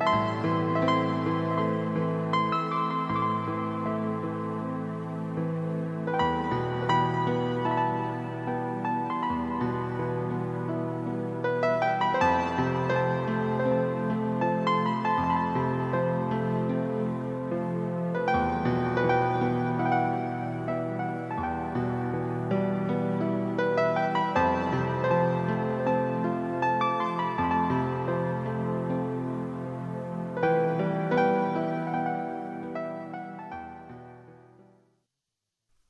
Música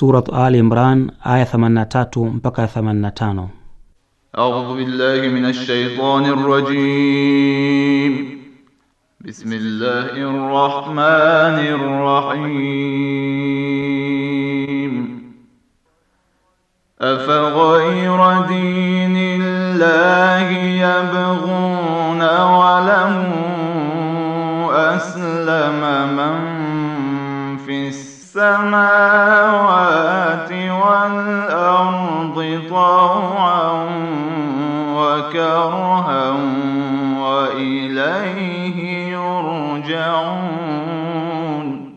Surat Ali Imran aya 83 mpaka 85. A'udhu billahi minash shaitanir rajim. Bismillahir rahmanir rahim. أفغير دين الله يبغون وله أسلم من السماوات والأرض طوعا وكرها وإليه يرجعون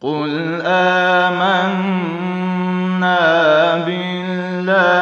قل آمنا بالله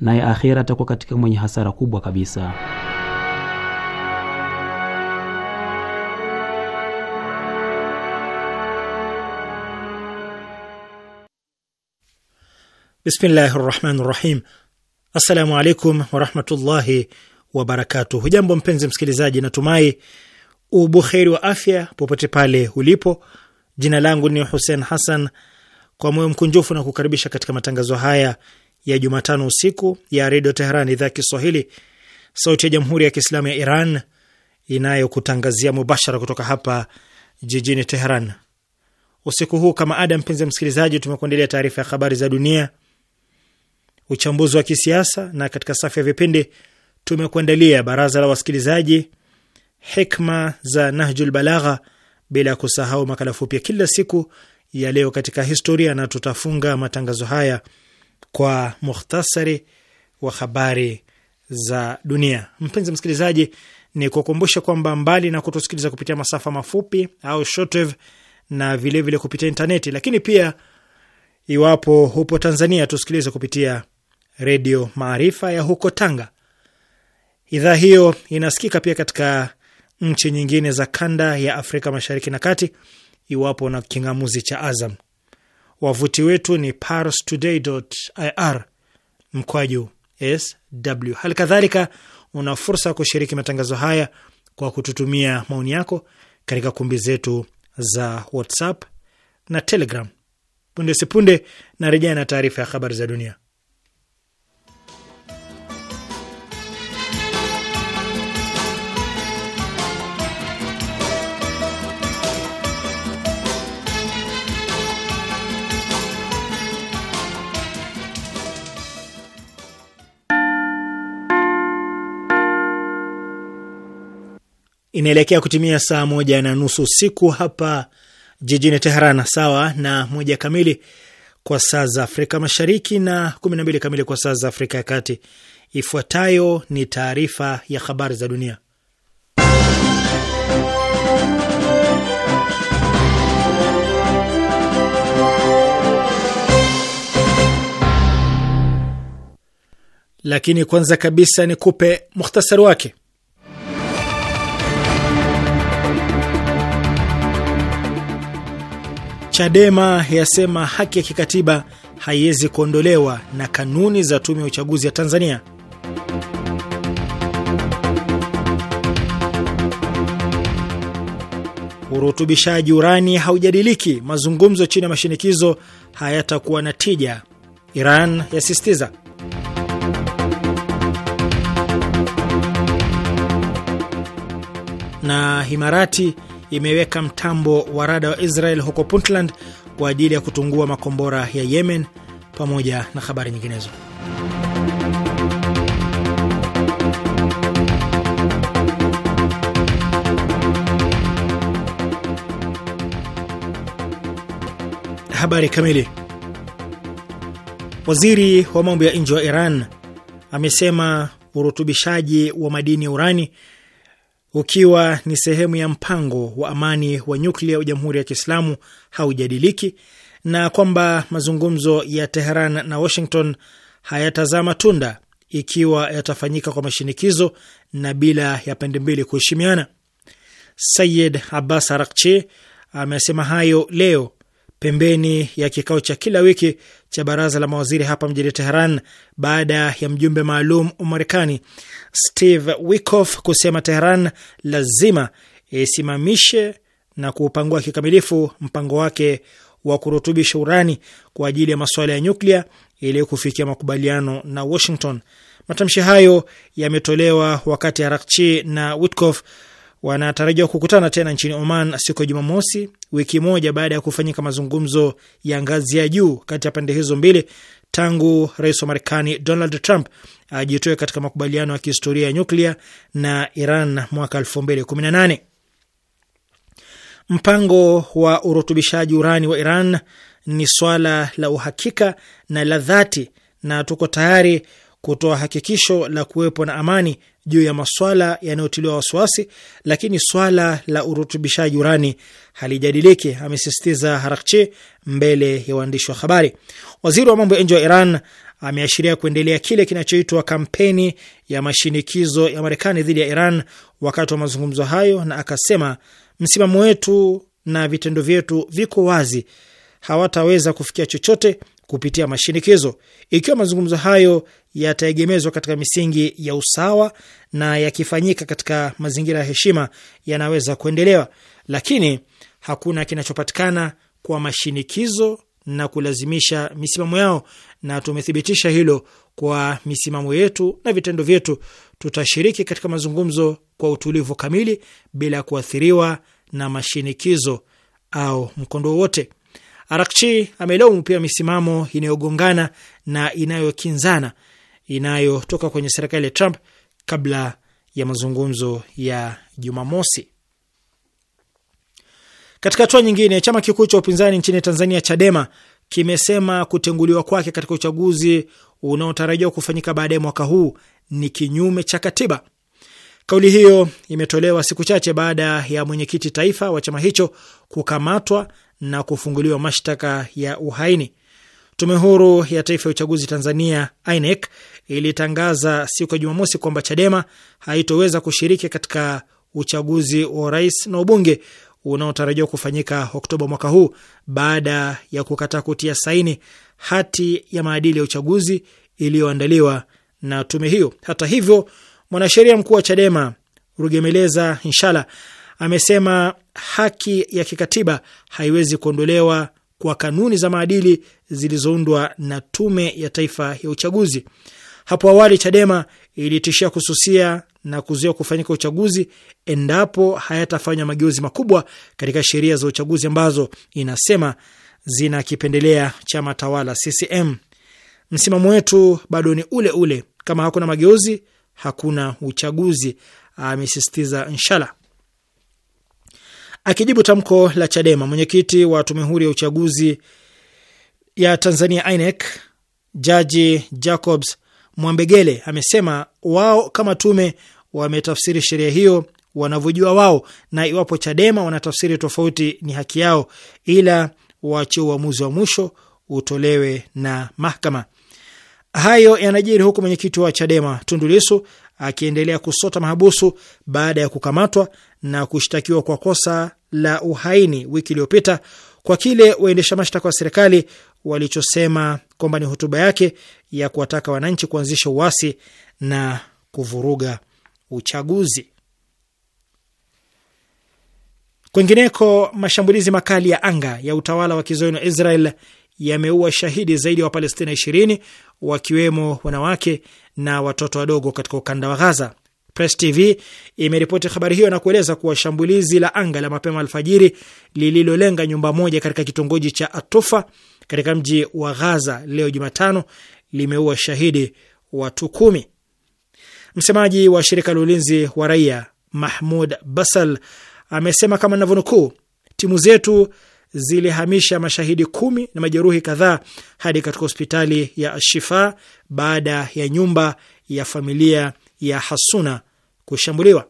naye akhira atakuwa katika mwenye hasara kubwa kabisa. Bismillahi rahmani rahim. Assalamu alaikum warahmatullahi wabarakatuh. Hujambo mpenzi msikilizaji, natumai ubuheri wa afya popote pale ulipo. Jina langu ni Hussein Hassan, kwa moyo mkunjufu na kukaribisha katika matangazo haya ya Jumatano usiku ya Redio Teheran, idhaa ya Kiswahili, sauti ya Jamhuri ya Kiislamu ya Iran, inayokutangazia mubashara kutoka hapa jijini Teheran. Usiku huu kama ada, mpenzi msikilizaji, tumekuandalia taarifa ya habari za dunia, uchambuzi wa kisiasa, na katika safu ya vipindi tumekuandalia baraza la wasikilizaji, hikma za Nahjul Balagha, bila ya kusahau makala fupi ya kila siku ya leo katika historia, na tutafunga matangazo haya kwa muhtasari wa habari za dunia. Mpenzi msikilizaji, ni kukumbusha kwamba mbali na kutusikiliza kupitia masafa mafupi au shortwave na vilevile vile kupitia intaneti, lakini pia iwapo hupo Tanzania tusikilize kupitia Redio Maarifa ya huko Tanga. Idhaa hiyo inasikika pia katika nchi nyingine za kanda ya Afrika Mashariki na Kati iwapo na kingamuzi cha Azam. Wavuti wetu ni parstoday.ir mkwaju sw. Hali kadhalika una fursa ya kushiriki matangazo haya kwa kututumia maoni yako katika kumbi zetu za WhatsApp na Telegram. Punde sipunde na rejea na taarifa ya habari za dunia. inaelekea kutimia saa moja na nusu usiku hapa jijini Teheran, sawa na moja kamili kwa saa za Afrika Mashariki na kumi na mbili kamili kwa saa za Afrika ya Kati. Ifuatayo ni taarifa ya habari za dunia, lakini kwanza kabisa ni kupe muhtasari wake. Chadema yasema haki ya kikatiba haiwezi kuondolewa na kanuni za tume ya uchaguzi ya Tanzania. Urutubishaji urani haujadiliki, mazungumzo chini ya mashinikizo hayatakuwa na tija, Iran yasisitiza. Na Imarati imeweka mtambo wa rada wa Israel huko Puntland kwa ajili ya kutungua makombora ya Yemen, pamoja na habari nyinginezo. Habari kamili. Waziri wa mambo ya nje wa Iran amesema urutubishaji wa madini ya urani ukiwa ni sehemu ya mpango wa amani wa nyuklia wa Jamhuri ya Kiislamu haujadiliki na kwamba mazungumzo ya Teheran na Washington hayatazaa matunda ikiwa yatafanyika kwa mashinikizo na bila ya pande mbili kuheshimiana. Sayid Abbas Arakchi amesema hayo leo pembeni ya kikao cha kila wiki cha baraza la mawaziri hapa mjini Teheran baada ya mjumbe maalum wa Marekani Steve Witkoff kusema Teheran lazima isimamishe na kuupangua kikamilifu mpango wake wa kurutubisha urani kwa ajili ya masuala ya nyuklia ili kufikia makubaliano na Washington. Matamshi hayo yametolewa wakati Arakchi na Witkoff wanatarajiwa kukutana tena nchini Oman siku ya Jumamosi, wiki moja baada ya kufanyika mazungumzo ya ngazi ya juu kati ya pande hizo mbili tangu rais wa Marekani Donald Trump ajitoe katika makubaliano ya kihistoria ya nyuklia na Iran mwaka 2018. Mpango wa urutubishaji urani wa Iran ni swala la uhakika na la dhati, na tuko tayari kutoa hakikisho la kuwepo na amani juu ya maswala yanayotiliwa wasiwasi, lakini swala la urutubishaji urani halijadiliki, amesisitiza Harakchi mbele ya waandishi wa habari. Waziri wa mambo ya nje wa Iran ameashiria kuendelea kile kinachoitwa kampeni ya mashinikizo ya Marekani dhidi ya Iran wakati wa mazungumzo hayo, na akasema msimamo wetu na vitendo vyetu viko wazi, hawataweza kufikia chochote kupitia mashinikizo. Ikiwa mazungumzo hayo yataegemezwa katika misingi ya usawa na yakifanyika katika mazingira ya heshima, yanaweza kuendelewa, lakini hakuna kinachopatikana kwa mashinikizo na kulazimisha misimamo yao, na tumethibitisha hilo kwa misimamo yetu na vitendo vyetu. Tutashiriki katika mazungumzo kwa utulivu kamili bila kuathiriwa na mashinikizo au mkondo wowote. Arakchi amelaumu pia misimamo inayogongana na inayokinzana inayotoka kwenye serikali ya Trump kabla ya mazungumzo ya Jumamosi. Katika hatua nyingine, chama kikuu cha upinzani nchini Tanzania, Chadema, kimesema kutenguliwa kwake katika uchaguzi unaotarajiwa kufanyika baadaye mwaka huu ni kinyume cha katiba. Kauli hiyo imetolewa siku chache baada ya mwenyekiti taifa wa chama hicho kukamatwa na kufunguliwa mashtaka ya uhaini. Tume huru ya taifa ya uchaguzi Tanzania, INEC, ilitangaza siku ya Jumamosi kwamba Chadema haitoweza kushiriki katika uchaguzi wa rais na ubunge unaotarajiwa kufanyika Oktoba mwaka huu baada ya kukataa kutia saini hati ya maadili ya uchaguzi iliyoandaliwa na tume hiyo. Hata hivyo, mwanasheria mkuu wa Chadema Rugemeleza Inshala amesema haki ya kikatiba haiwezi kuondolewa kwa kanuni za maadili zilizoundwa na Tume ya Taifa ya Uchaguzi. Hapo awali Chadema ilitishia kususia na kuzuia kufanyika uchaguzi endapo hayatafanya mageuzi makubwa katika sheria za uchaguzi ambazo inasema zinakipendelea chama tawala CCM. Msimamo wetu bado ni ule ule, kama hakuna mageuzi hakuna uchaguzi, amesisitiza Nshala. Akijibu tamko la Chadema, mwenyekiti wa tume huru ya uchaguzi ya Tanzania INEC Jaji Jacobs Mwambegele amesema wao kama tume wametafsiri sheria hiyo wanavyojua wao, na iwapo Chadema wanatafsiri tofauti ni haki yao, ila waache uamuzi wa mwisho utolewe na mahakama. Hayo yanajiri huku mwenyekiti wa Chadema Tundu Lissu akiendelea kusota mahabusu baada ya kukamatwa na kushtakiwa kwa kosa la uhaini wiki iliyopita kwa kile waendesha mashtaka wa serikali walichosema kwamba ni hotuba yake ya kuwataka wananchi kuanzisha uasi na kuvuruga uchaguzi. Kwingineko, mashambulizi makali ya anga ya utawala wa kizayuni wa Israel yameua shahidi zaidi ya wa Wapalestina 20 wakiwemo wanawake na watoto wadogo katika ukanda wa Gaza. Press TV imeripoti habari hiyo na kueleza kuwa shambulizi la anga la mapema alfajiri lililolenga nyumba moja katika kitongoji cha Atufa katika mji wa Gaza leo Jumatano limeua shahidi watu kumi. Msemaji wa shirika la ulinzi wa raia Mahmud Basal amesema kama navyonukuu, timu zetu zilihamisha mashahidi kumi na majeruhi kadhaa hadi katika hospitali ya Ashifa baada ya nyumba ya familia ya Hasuna kushambuliwa.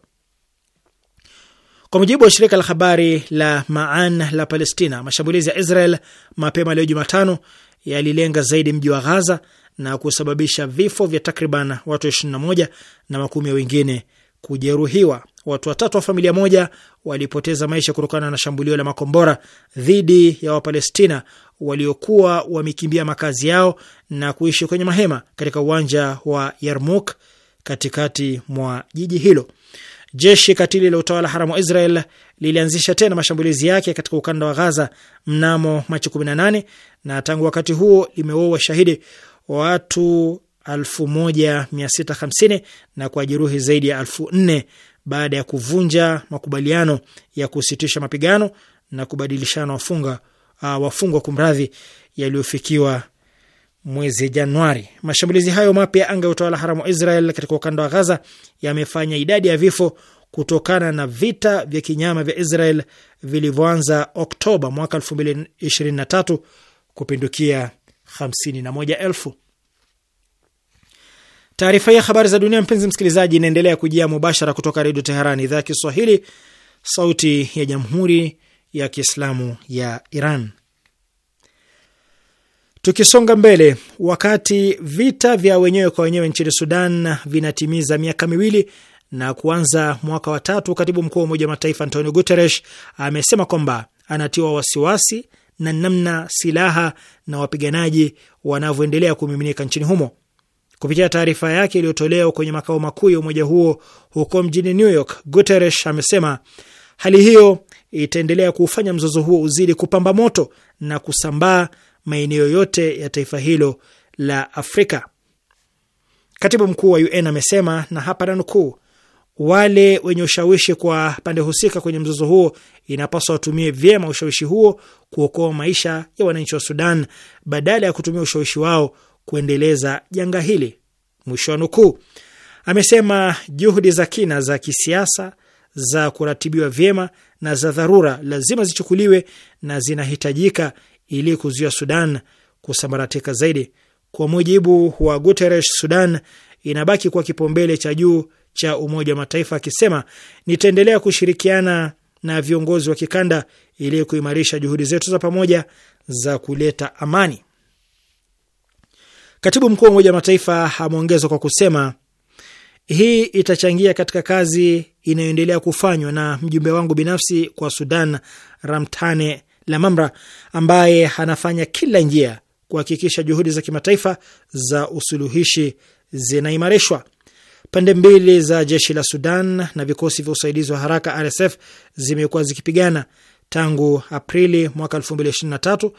Kwa mujibu wa shirika la habari la Maan la Palestina, mashambulizi ya Israel mapema leo Jumatano yalilenga zaidi mji wa Ghaza na kusababisha vifo vya takriban watu 21 na makumi wengine kujeruhiwa. Watu watatu wa familia moja walipoteza maisha kutokana na shambulio la makombora dhidi ya Wapalestina waliokuwa wamekimbia makazi yao na kuishi kwenye mahema katika uwanja wa Yarmuk katikati mwa jiji hilo. Jeshi katili la utawala haramu wa Israel lilianzisha tena mashambulizi yake katika ukanda wa Ghaza mnamo Machi 18 na tangu wakati huo limeua washahidi watu 1650 na jeruhi zaidi ya 4000 baada ya kuvunja makubaliano ya kusitisha mapigano na kubadilishana wafunga uh, wafungwa kumradhi, yaliyofikiwa mwezi Januari. Mashambulizi hayo mapya ya anga ya utawala haramu wa Israel katika ukanda wa Gaza yamefanya idadi ya vifo kutokana na vita vya kinyama vya Israel vilivyoanza Oktoba mwaka 2023 kupindukia 51,000. Taarifa hii ya habari za dunia, mpenzi msikilizaji, inaendelea kujia mubashara kutoka Redio Teheran, idhaa ya Kiswahili, sauti ya jamhuri ya kiislamu ya Iran. Tukisonga mbele, wakati vita vya wenyewe kwa wenyewe nchini Sudan vinatimiza miaka miwili na kuanza mwaka wa tatu, katibu mkuu wa Umoja wa Mataifa Antonio Guterres amesema kwamba anatiwa wasiwasi na namna silaha na wapiganaji wanavyoendelea kumiminika nchini humo. Kupitia taarifa yake iliyotolewa kwenye makao makuu ya umoja huo huko mjini New York, Guterres amesema hali hiyo itaendelea kuufanya mzozo huo uzidi kupamba moto na kusambaa maeneo yote ya taifa hilo la Afrika. Katibu mkuu wa UN amesema, na hapa nanukuu, wale wenye ushawishi kwa pande husika kwenye mzozo huo inapaswa watumie vyema ushawishi huo kuokoa maisha ya wananchi wa Sudan badala ya kutumia ushawishi wao kuendeleza janga hili, mwisho wa nukuu. Amesema juhudi za kina za kisiasa za kuratibiwa vyema na za dharura lazima zichukuliwe na zinahitajika ili kuzuia Sudan kusambaratika zaidi. Kwa mujibu wa Guterres, Sudan inabaki kwa kipaumbele cha juu cha Umoja wa Mataifa, akisema nitaendelea kushirikiana na viongozi wa kikanda ili kuimarisha juhudi zetu za pamoja za kuleta amani. Katibu mkuu wa Umoja wa Mataifa ameongeza kwa kusema hii itachangia katika kazi inayoendelea kufanywa na mjumbe wangu binafsi kwa Sudan, Ramtane Lamamra, ambaye anafanya kila njia kuhakikisha juhudi za kimataifa za usuluhishi zinaimarishwa. Pande mbili za jeshi la Sudan na vikosi vya usaidizi wa haraka RSF zimekuwa zikipigana tangu Aprili mwaka 2023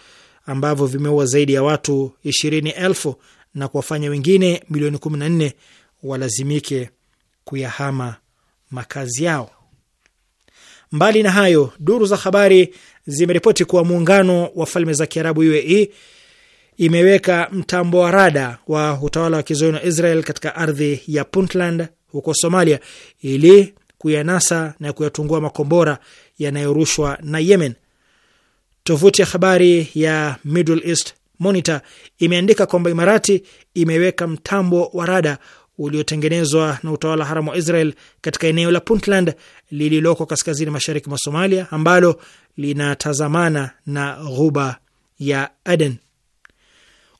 ambavyo vimeua zaidi ya watu 20,000 na kuwafanya wengine milioni 14 walazimike kuyahama makazi yao. Mbali na hayo, duru za habari zimeripoti kuwa muungano wa falme za Kiarabu UAE imeweka mtambo wa rada wa utawala wa kizayuni wa Israel katika ardhi ya Puntland huko Somalia ili kuyanasa na kuyatungua makombora yanayorushwa na Yemen. Tovuti ya habari ya Middle East Monitor imeandika kwamba Imarati imeweka mtambo wa rada uliotengenezwa na utawala haramu wa Israel katika eneo la Puntland lililoko kaskazini mashariki mwa Somalia ambalo linatazamana na ghuba ya Aden.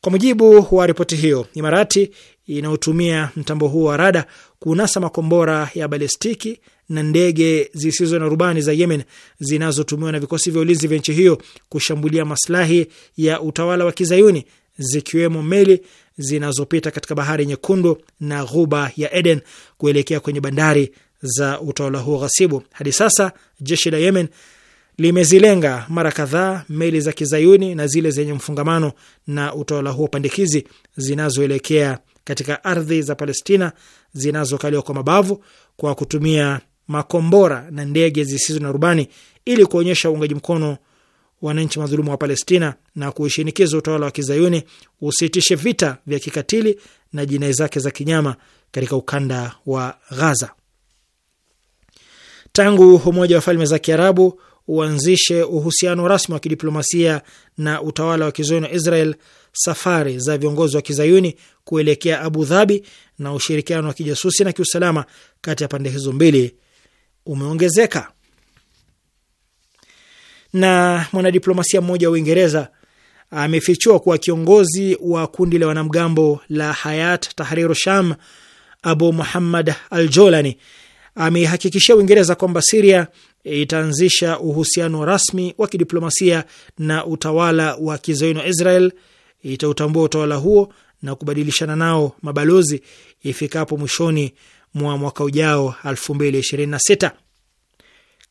Kwa mujibu wa ripoti hiyo, Imarati inaotumia mtambo huo wa rada kunasa makombora ya balistiki na ndege zisizo na rubani za Yemen zinazotumiwa na vikosi vya ulinzi vya nchi hiyo kushambulia maslahi ya utawala wa Kizayuni, zikiwemo meli zinazopita katika bahari nyekundu na ghuba ya Eden kuelekea kwenye bandari za utawala huo ghasibu. Hadi sasa jeshi la Yemen limezilenga mara kadhaa meli za Kizayuni na zile zenye mfungamano na utawala huo pandikizi zinazoelekea katika ardhi za Palestina zinazokaliwa kwa mabavu kwa kutumia makombora na ndege zisizo na rubani ili kuonyesha uungaji mkono wananchi madhulumu wa Palestina na kuishinikiza utawala wa kizayuni usitishe vita vya kikatili na jinai zake za kinyama katika ukanda wa Ghaza. Tangu Umoja wa Falme za Kiarabu uanzishe uhusiano rasmi wa kidiplomasia na utawala wa kizayuni wa Israel, safari za viongozi wa kizayuni kuelekea Abu Dhabi na ushirikiano wa kijasusi na kiusalama kati ya pande hizo mbili umeongezeka. Na mwanadiplomasia mmoja wa Uingereza amefichua kuwa kiongozi wa kundi la wanamgambo la Hayat Tahriru Sham Abu Muhammad Al Jolani ameihakikishia Uingereza kwamba Siria itaanzisha uhusiano rasmi wa kidiplomasia na utawala wa kizayuni wa Israel, itautambua utawala huo na kubadilishana nao mabalozi ifikapo mwishoni mwa mwaka ujao 2026.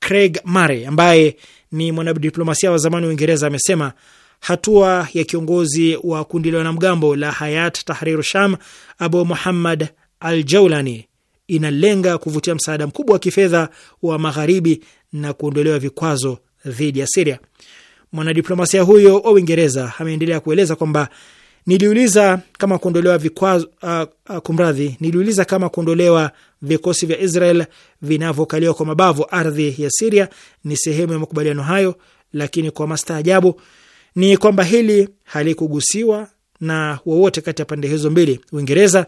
Craig Murray ambaye ni mwanadiplomasia wa zamani wa Uingereza amesema hatua ya kiongozi wa kundi la wanamgambo la Hayat Tahrir Sham Abu Muhammad al-Jaulani inalenga kuvutia msaada mkubwa wa kifedha wa magharibi na kuondolewa vikwazo dhidi ya Syria. Mwanadiplomasia huyo wa Uingereza ameendelea kueleza kwamba Niliuliza kama kuondolewa vikwazo uh, kumradhi, niliuliza kama kuondolewa vikosi vya Israel vinavyokaliwa kwa mabavu ardhi ya Siria ni sehemu ya makubaliano hayo, lakini kwa mastaajabu ni kwamba hili halikugusiwa na wowote kati ya pande hizo mbili. Uingereza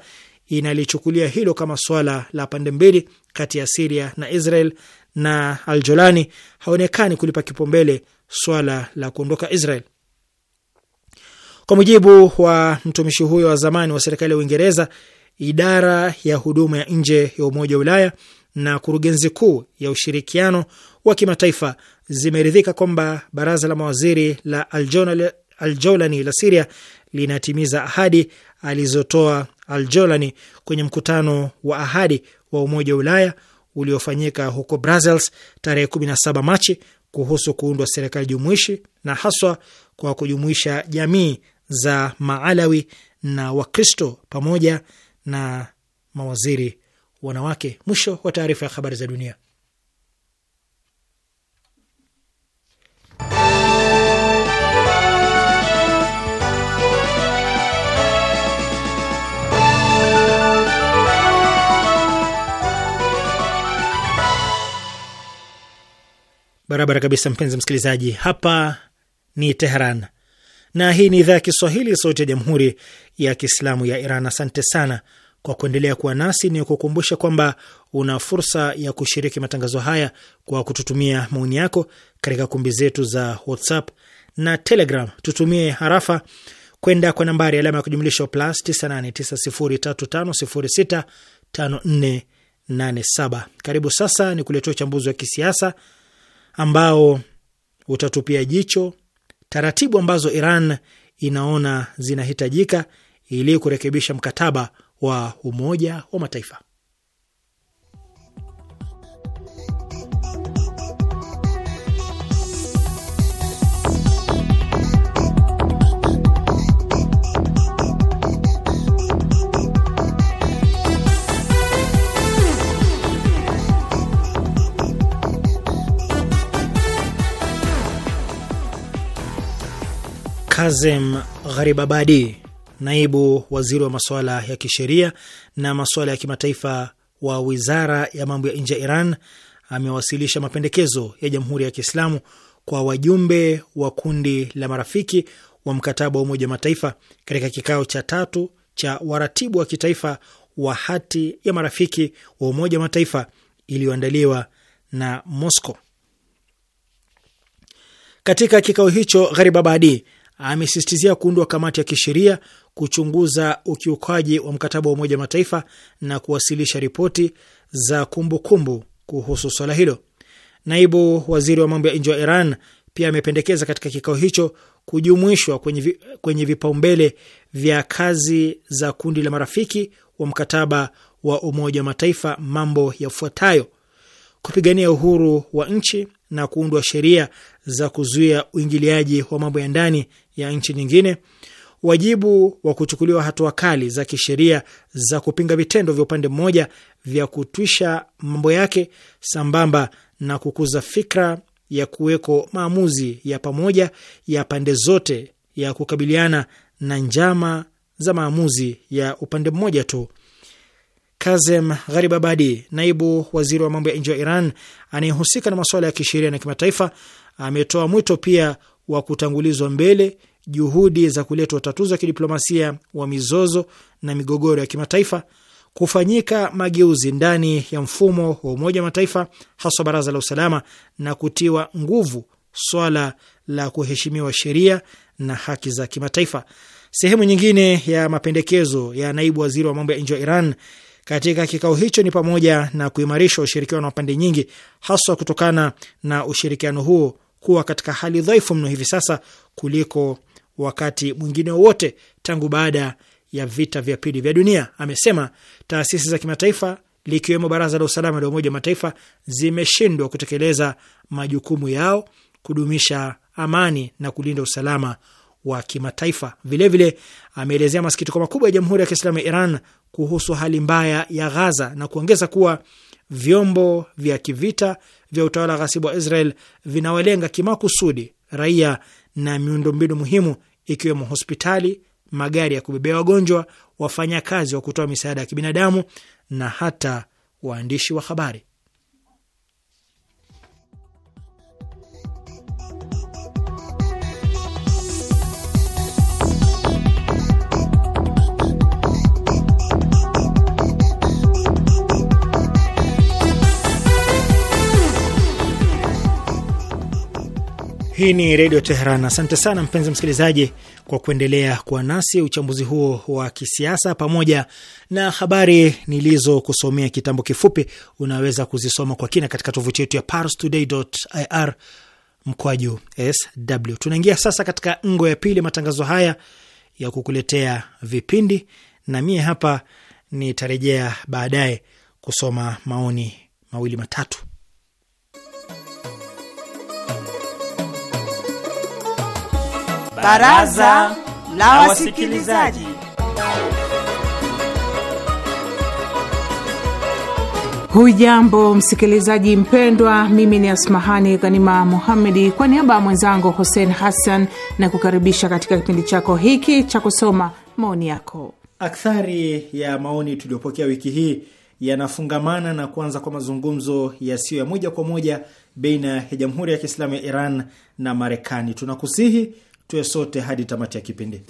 inalichukulia hilo kama swala la pande mbili kati ya Siria na Israel, na Aljolani haonekani kulipa kipaumbele swala la kuondoka Israel. Kwa mujibu wa mtumishi huyo wa zamani wa serikali ya Uingereza, idara ya huduma ya nje ya Umoja wa Ulaya na kurugenzi kuu ya ushirikiano wa kimataifa zimeridhika kwamba baraza la mawaziri la Aljolani la Siria linatimiza ahadi alizotoa Aljolani kwenye mkutano wa ahadi wa Umoja wa Ulaya uliofanyika huko Brussels tarehe 17 Machi kuhusu kuundwa serikali jumuishi na haswa kwa kujumuisha jamii za Maalawi na Wakristo pamoja na mawaziri wanawake. Mwisho wa taarifa ya habari za dunia. Barabara kabisa, mpenzi msikilizaji, hapa ni Teheran, na hii ni idhaa ya Kiswahili, sauti ya jamhuri ya kiislamu ya Iran. Asante sana kwa kuendelea kuwa nasi. Ni kukumbusha kwamba una fursa ya kushiriki matangazo haya kwa kututumia maoni yako katika kumbi zetu za WhatsApp na Telegram. Tutumie harafa kwenda kwa nambari alama ya kujumlisha plus 989035065487. Karibu sasa ni kuletea uchambuzi wa kisiasa ambao utatupia jicho taratibu ambazo Iran inaona zinahitajika ili kurekebisha mkataba wa Umoja wa Mataifa. Kazem Gharibabadi, naibu waziri wa masuala ya kisheria na masuala ya kimataifa wa wizara ya mambo ya nje ya Iran, amewasilisha mapendekezo ya Jamhuri ya Kiislamu kwa wajumbe wa kundi la marafiki wa mkataba wa Umoja wa Mataifa katika kikao cha tatu cha waratibu wa kitaifa wa hati ya marafiki wa Umoja wa Mataifa iliyoandaliwa na Moscow. Katika kikao hicho Gharibabadi amesisitizia kuundwa kamati ya kisheria kuchunguza ukiukaji wa mkataba wa Umoja wa Mataifa na kuwasilisha ripoti za kumbukumbu kumbu kuhusu swala hilo. Naibu waziri wa mambo ya nje wa Iran pia amependekeza katika kikao hicho kujumuishwa kwenye, vi, kwenye vipaumbele vya kazi za kundi la marafiki wa mkataba wa Umoja wa Mataifa mambo yafuatayo: kupigania uhuru wa nchi na kuundwa sheria za kuzuia uingiliaji wa mambo ya ndani ya nchi nyingine, wajibu wa kuchukuliwa hatua kali za kisheria za kupinga vitendo vya upande mmoja vya kutwisha mambo yake, sambamba na kukuza fikra ya kuweko maamuzi ya pamoja ya pande zote ya kukabiliana na njama za maamuzi ya upande mmoja tu. Kazem Gharibabadi, naibu waziri wa mambo ya nje wa Iran anayehusika na masuala ya kisheria na kimataifa, ametoa mwito pia wa kutangulizwa mbele juhudi za kuleta utatuzi wa kidiplomasia wa mizozo na migogoro ya kimataifa, kufanyika mageuzi ndani ya mfumo wa Umoja wa Mataifa, haswa Baraza la Usalama, na kutiwa nguvu swala la kuheshimiwa sheria na haki za kimataifa. Sehemu nyingine ya mapendekezo ya naibu waziri wa mambo ya nje wa Iran katika kikao hicho ni pamoja na kuimarisha ushirikiano wa pande nyingi, haswa kutokana na ushirikiano huo kuwa katika hali dhaifu mno hivi sasa kuliko wakati mwingine wowote tangu baada ya vita vya pili vya dunia. Amesema taasisi za kimataifa likiwemo Baraza la Usalama la Umoja wa Mataifa zimeshindwa kutekeleza majukumu yao kudumisha amani na kulinda usalama wa kimataifa. Vilevile ameelezea masikitiko makubwa ya Jamhuri ya Kiislamu ya Iran kuhusu hali mbaya ya Ghaza na kuongeza kuwa vyombo vya kivita vya utawala ghasibu wa Israel vinawalenga kimakusudi raia na miundombinu muhimu ikiwemo hospitali, magari ya kubebea wagonjwa, wafanyakazi wa kutoa misaada ya kibinadamu na hata waandishi wa habari. Hii ni Redio Teheran. Asante sana mpenzi msikilizaji kwa kuendelea kuwa nasi. Uchambuzi huo wa kisiasa pamoja na habari nilizokusomea kitambo kifupi unaweza kuzisoma kwa kina katika tovuti yetu ya parstoday.ir mkwaju sw. Tunaingia sasa katika ngo ya pili matangazo haya ya kukuletea vipindi, na mie hapa nitarejea baadaye kusoma maoni mawili matatu. Baraza la Wasikilizaji. Hujambo msikilizaji mpendwa, mimi ni Asmahani Ghanima muhammedi kwa niaba ya mwenzangu Hussein Hassan na kukaribisha katika kipindi chako hiki cha kusoma maoni yako. Akthari ya maoni tuliyopokea wiki hii yanafungamana na kuanza kwa mazungumzo yasiyo ya moja kwa moja baina ya Jamhuri ya Kiislamu ya Iran na Marekani. Tunakusihi tuwe sote hadi tamati ya kipindi.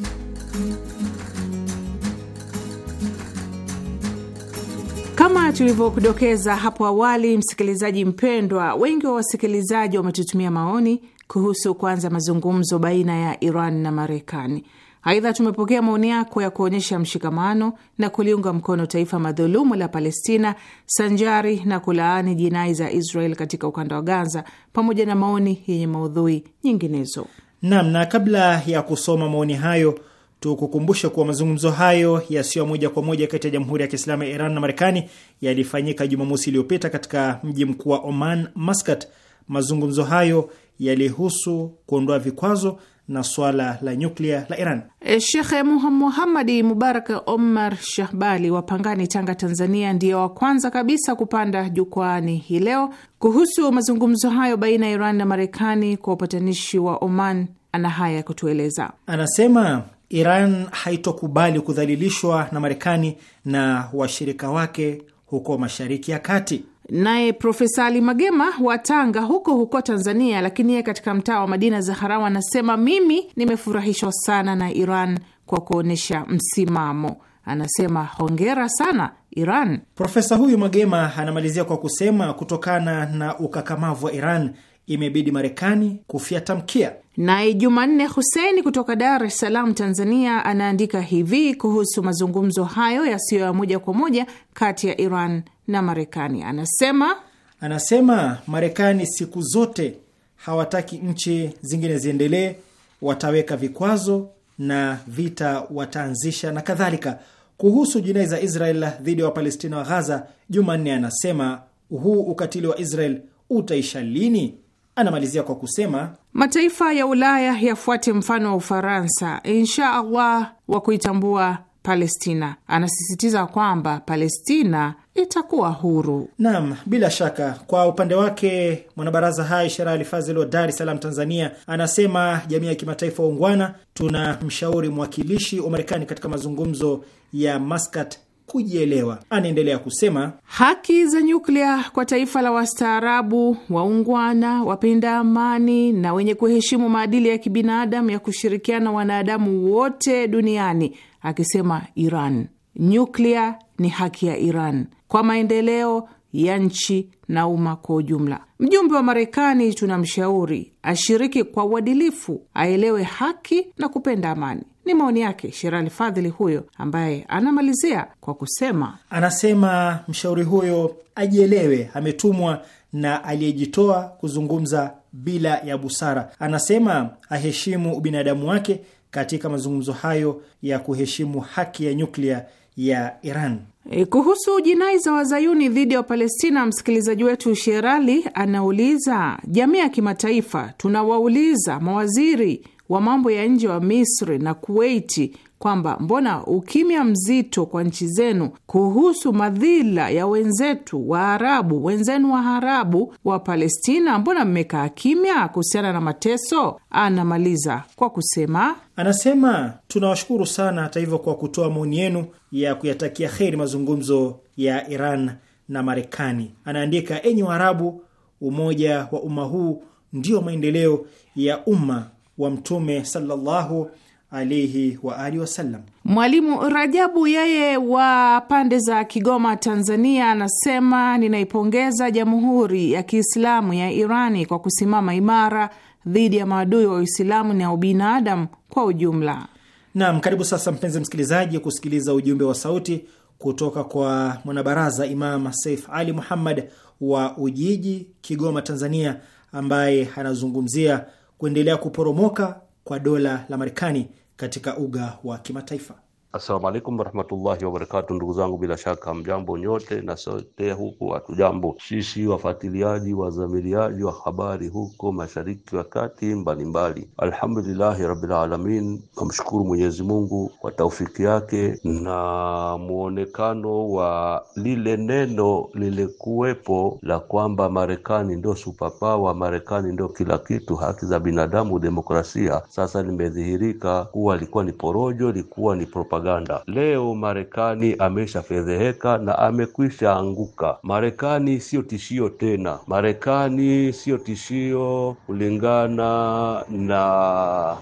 Kama tulivyokudokeza hapo awali, msikilizaji mpendwa, wengi wa wasikilizaji wametutumia maoni kuhusu kuanza mazungumzo baina ya Iran na Marekani. Aidha, tumepokea maoni yako ya kuonyesha mshikamano na kuliunga mkono taifa madhulumu la Palestina sanjari na kulaani jinai za Israel katika ukanda wa Gaza, pamoja na maoni yenye maudhui nyinginezo. Naam, na kabla ya kusoma maoni hayo tukukumbushe kuwa mazungumzo hayo yasiyo moja kwa moja kati ya Jamhuri ya Kiislamu ya Iran na Marekani yalifanyika Jumamosi iliyopita katika mji mkuu wa Oman, Maskat. Mazungumzo hayo yalihusu kuondoa vikwazo na swala la nyuklia la Iran. E, Shekhe Muhammadi Mubarak Omar Shahbali wa Pangani, Tanga, Tanzania, ndiyo wa kwanza kabisa kupanda jukwaani hii leo kuhusu mazungumzo hayo baina ya Iran na Marekani kwa upatanishi wa Oman. Ana haya ya kutueleza. Anasema Iran haitokubali kudhalilishwa na Marekani na washirika wake huko Mashariki ya Kati. Naye Profesa Ali Magema wa Tanga huko huko Tanzania, lakini yeye katika mtaa wa Madina Zaharau anasema, mimi nimefurahishwa sana na Iran kwa kuonyesha msimamo. Anasema hongera sana Iran. Profesa huyu Magema anamalizia kwa kusema kutokana na ukakamavu wa Iran imebidi Marekani kufyata mkia. Naye Jumanne Huseini kutoka Dar es Salaam, Tanzania, anaandika hivi kuhusu mazungumzo hayo yasiyo ya moja kwa moja kati ya Iran na Marekani. Anasema anasema Marekani siku zote hawataki nchi zingine ziendelee, wataweka vikwazo na vita wataanzisha na kadhalika. Kuhusu jinai za Israel dhidi ya Wapalestina wa Ghaza, Jumanne anasema huu ukatili wa Israel utaisha lini? Anamalizia kwa kusema mataifa ya Ulaya yafuate mfano wa Ufaransa, insha Allah, wa kuitambua Palestina. Anasisitiza kwamba Palestina itakuwa huru. Naam, bila shaka. Kwa upande wake mwanabaraza hai Sherali Fazil wa Dar es Salaam, Tanzania, anasema jamii ya kimataifa waungwana, tuna mshauri mwakilishi wa Marekani katika mazungumzo ya Maskat kujielewa. Anaendelea kusema haki za nyuklia kwa taifa la wastaarabu waungwana, wapenda amani na wenye kuheshimu maadili ya kibinadamu ya kushirikiana wanadamu wote duniani akisema Iran, nyuklia ni haki ya Iran kwa maendeleo ya nchi na umma kwa ujumla. Mjumbe wa Marekani tunamshauri ashiriki kwa uadilifu, aelewe haki na kupenda amani. Ni maoni yake Sherali Fadhili huyo, ambaye anamalizia kwa kusema, anasema mshauri huyo ajielewe, ametumwa na aliyejitoa kuzungumza bila ya busara. Anasema aheshimu ubinadamu wake katika mazungumzo hayo ya kuheshimu haki ya nyuklia ya Iran. E, kuhusu jinai za wazayuni dhidi ya Wapalestina, msikilizaji wetu Sherali anauliza, jamii ya kimataifa tunawauliza mawaziri wa mambo ya nje wa Misri na Kuwaiti kwamba mbona ukimya mzito kwa nchi zenu kuhusu madhila ya wenzetu Arabu, wenzenu wa Arabu wa Palestina, mbona mmekaa kimya kuhusiana na mateso? Anamaliza kwa kusema anasema, tunawashukuru sana hata hivyo kwa kutoa maoni yenu ya kuyatakia heri mazungumzo ya Iran na Marekani. Anaandika, enyi Waarabu, umoja wa umma huu ndio maendeleo ya umma wa Mtume sallallahu alaihi wa alihi wasallam. Mwalimu Rajabu yeye wa pande za Kigoma, Tanzania, anasema ninaipongeza Jamhuri ya Kiislamu ya Irani kwa kusimama imara dhidi ya maadui wa Uislamu na ubinadamu kwa ujumla. Naam, karibu sasa mpenzi msikilizaji kusikiliza ujumbe wa sauti kutoka kwa mwanabaraza Imam Saif Ali Muhammad wa Ujiji, Kigoma, Tanzania, ambaye anazungumzia kuendelea kuporomoka kwa dola la Marekani katika uga wa kimataifa. Assalamu alaikum warahmatullahi wabarakatu, ndugu zangu, bila shaka mjambo nyote na sote huku jambo Sisi wafuatiliaji wazamiliaji wa habari huko mashariki wa kati mbalimbali, alhamdulillahi rabbil alamin, namshukuru Mwenyezi Mungu kwa taufiki yake na muonekano wa lile neno lilikuwepo la kwamba Marekani ndio superpower, Marekani ndio kila kitu, haki za binadamu, demokrasia, sasa limedhihirika kuwa likuwa ni porojo, ilikuwa ni propaganda propaganda. Leo Marekani ameshafedheheka na amekwisha anguka. Marekani siyo tishio tena, Marekani siyo tishio kulingana na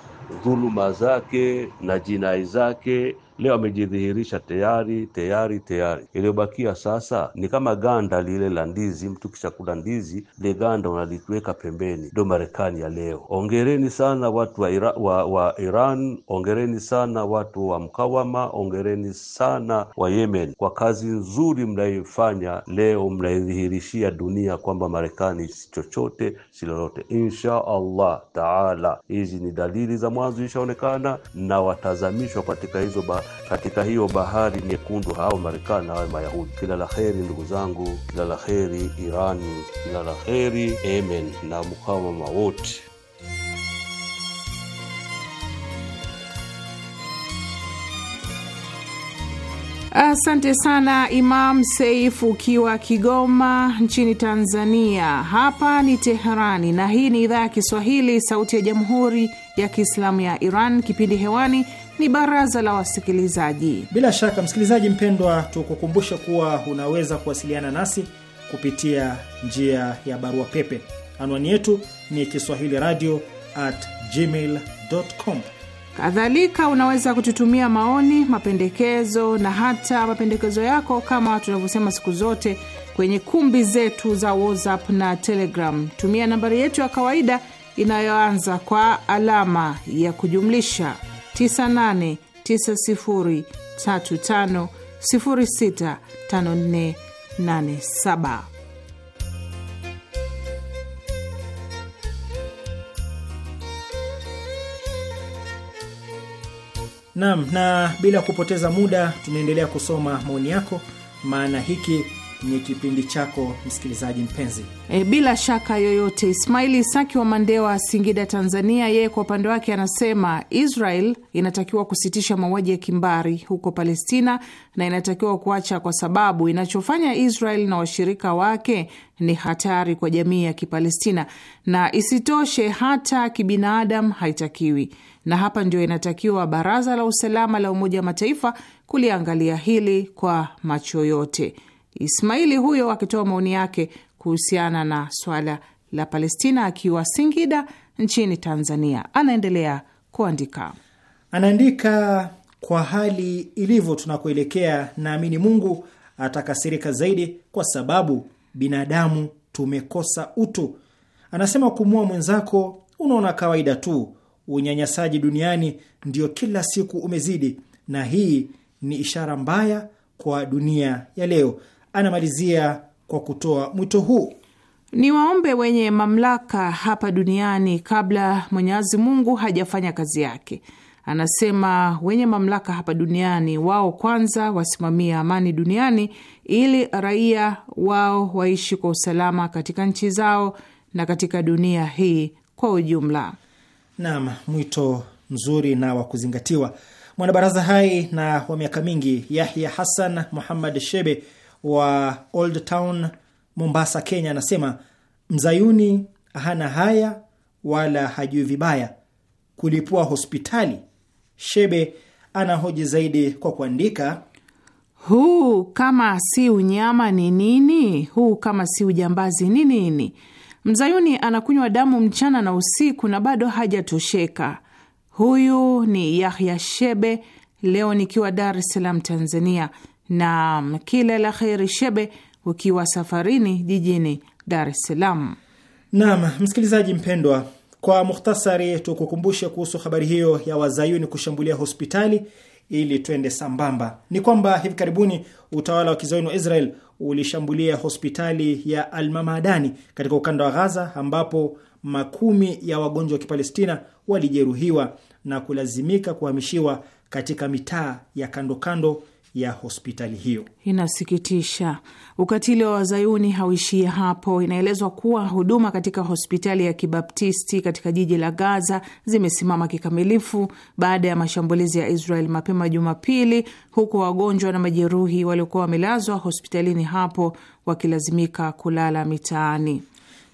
dhuluma zake na jinai zake leo amejidhihirisha tayari tayari tayari. Iliyobakia sasa ni kama ganda lile la ndizi, mtu kisha kula ndizi ile ganda unalituweka pembeni. Ndio Marekani ya leo. Ongereni sana watu wa, Ira, wa, wa Iran, ongereni sana watu wa mkawama, ongereni sana wa Yemen kwa kazi nzuri mnaifanya. Leo mnaidhihirishia dunia kwamba Marekani si chochote si lolote. Insha Allah taala, hizi ni dalili za mwanzo ishaonekana na watazamishwa katika hizo ba katika hiyo bahari nyekundu, hao Marekani na hawa Mayahudi. Kila la kheri ndugu zangu, kila la kheri Irani, kila la kheri Yemen na mukawama wote. Asante sana Imam Seif, ukiwa Kigoma nchini Tanzania. Hapa ni Teherani na hii ni idhaa ya Kiswahili, Sauti ya Jamhuri ya Kiislamu ya Iran. Kipindi hewani ni baraza la wasikilizaji. Bila shaka, msikilizaji mpendwa, tukukumbushe kuwa unaweza kuwasiliana nasi kupitia njia ya barua pepe. Anwani yetu ni kiswahili radio at gmail com. Kadhalika, unaweza kututumia maoni, mapendekezo na hata mapendekezo yako, kama tunavyosema siku zote, kwenye kumbi zetu za WhatsApp na Telegram. Tumia nambari yetu ya kawaida inayoanza kwa alama ya kujumlisha 989035065487. Naam, na bila kupoteza muda tunaendelea kusoma maoni yako, maana hiki ni kipindi chako msikilizaji mpenzi. E, bila shaka yoyote. Ismaili Isaki wa Mandewa, Singida, Tanzania, yeye kwa upande wake anasema Israel inatakiwa kusitisha mauaji ya kimbari huko Palestina na inatakiwa kuacha, kwa sababu inachofanya Israel na washirika wake ni hatari kwa jamii ya Kipalestina, na isitoshe hata kibinadamu haitakiwi. Na hapa ndio inatakiwa Baraza la Usalama la Umoja wa Mataifa kuliangalia hili kwa macho yote. Ismaili huyo akitoa maoni yake kuhusiana na swala la Palestina akiwa Singida nchini Tanzania. Anaendelea kuandika, anaandika kwa hali ilivyo tunakoelekea, naamini Mungu atakasirika zaidi, kwa sababu binadamu tumekosa utu. Anasema kumua mwenzako unaona kawaida tu. Unyanyasaji duniani ndio kila siku umezidi, na hii ni ishara mbaya kwa dunia ya leo anamalizia kwa kutoa mwito huu: ni waombe wenye mamlaka hapa duniani kabla Mwenyezi Mungu hajafanya kazi yake. Anasema wenye mamlaka hapa duniani wao kwanza wasimamie amani duniani ili raia wao waishi kwa usalama katika nchi zao na katika dunia hii kwa ujumla. Naam, mwito mzuri na wa kuzingatiwa. Mwanabaraza hai na wa miaka mingi Yahya Hassan Muhammad Shebe wa Old Town Mombasa, Kenya, anasema mzayuni hana haya wala hajui vibaya kulipua hospitali. Shebe anahoji zaidi kwa kuandika, huu kama si unyama ni nini? Huu kama si ujambazi ni nini? Mzayuni anakunywa damu mchana na usiku na bado hajatosheka. Huyu ni Yahya Shebe. Leo nikiwa Dar es Salaam, Tanzania. Naam, kila la kheri Shebe ukiwa safarini jijini Dar es Salaam. Naam, msikilizaji mpendwa, kwa mukhtasari tukukumbushe kuhusu habari hiyo ya wazayuni kushambulia hospitali ili twende sambamba, ni kwamba hivi karibuni utawala wa kizayuni wa Israel ulishambulia hospitali ya Almamadani katika ukanda wa Ghaza, ambapo makumi ya wagonjwa wa Kipalestina walijeruhiwa na kulazimika kuhamishiwa katika mitaa ya kando kando ya hospitali hiyo. Inasikitisha, ukatili wa wazayuni hauishii hapo. Inaelezwa kuwa huduma katika hospitali ya kibaptisti katika jiji la Gaza zimesimama kikamilifu baada ya mashambulizi ya Israel mapema Jumapili, huku wagonjwa na majeruhi waliokuwa wamelazwa hospitalini hapo wakilazimika kulala mitaani.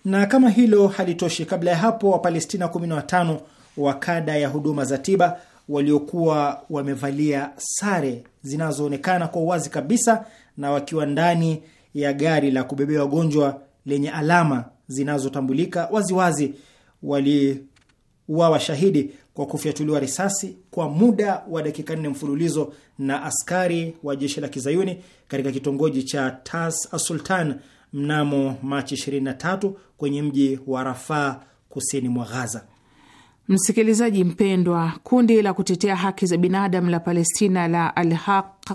Na kama hilo halitoshi, kabla ya hapo Wapalestina 15 wa kada ya huduma za tiba waliokuwa wamevalia sare zinazoonekana kwa uwazi kabisa na wakiwa ndani ya gari la kubebea wagonjwa lenye alama zinazotambulika waziwazi, waliuawa shahidi kwa kufyatuliwa risasi kwa muda wa dakika nne mfululizo na askari wa jeshi la kizayuni katika kitongoji cha Tas Asultan mnamo Machi 23 kwenye mji wa Rafaa kusini mwa Ghaza. Msikilizaji mpendwa, kundi la kutetea haki za binadamu la Palestina la Al Haq